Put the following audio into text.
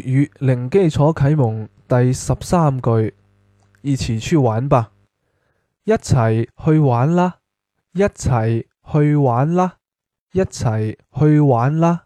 粵語零基礎啟蒙第十三句，一起去玩吧，一齊去玩啦，一齊去玩啦，一齊去玩啦。